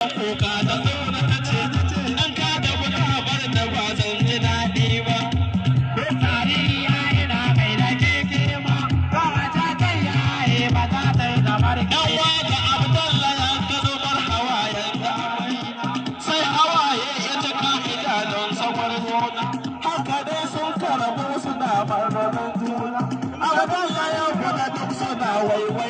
Kuka da tona ta ce, an ka da a bar da ba zan ji daɗi ba. Tsari ya da keke ma, ba a ta kai ya yi ba ta ta yi kamar ke. Yan waka Abdalla ya ka zubar hawayen da sai hawaye ya ta ka don sakwar gona. Haka dai sun karabu suna marmarin juna, Abdalla ya faɗa duk suna waiwai.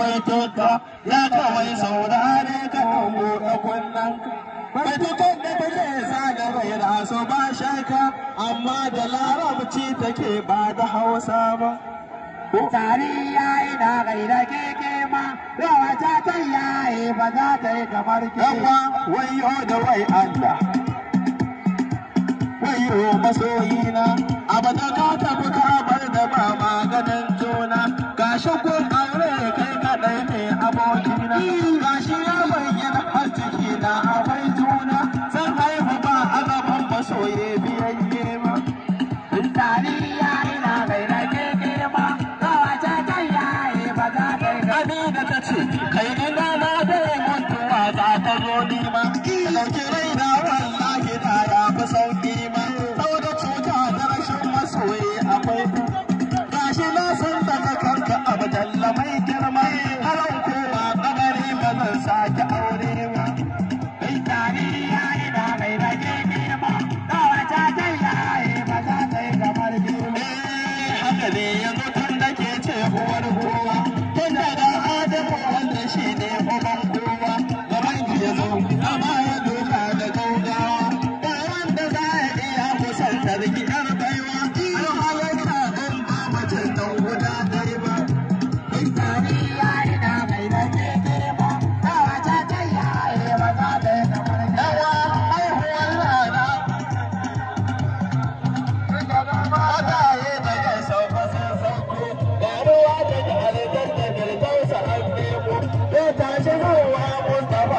baituka ya kawai saurare ka kan buɗe kunnen baitukan da ba zai zaga bai raso ba shaka amma da larabci take ba da hausa ba Tari ya yi na gaida keke ma, rawa ta ta yayi ba za ta yi kamar ke. Yawa wayo da wai Allah. Wayo masoyina, abu da ka tafi ka bar da ba maganin juna, gashi kuma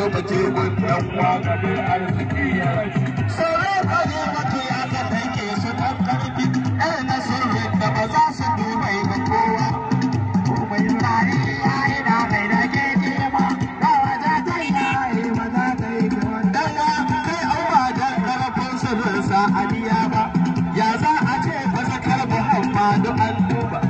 zuba tebur ɗan uwa gabe arziki ya rashi. Tsoro kare mutu aka tanke su ɗan ƙarfi ɗan na sirri da ba za su dubai ba kowa. Komai tare ya yi na mai rage nema ba waje ta yi na ba za ta yi ga wanda na kai an ba don ƙarfin sirrinsa a biya ba. Ya za a ce ba su karɓi amma duk an duba.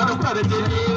Agora o planeta é ele